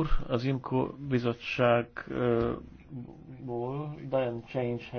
úr, az IMCO bizottságból Diane Change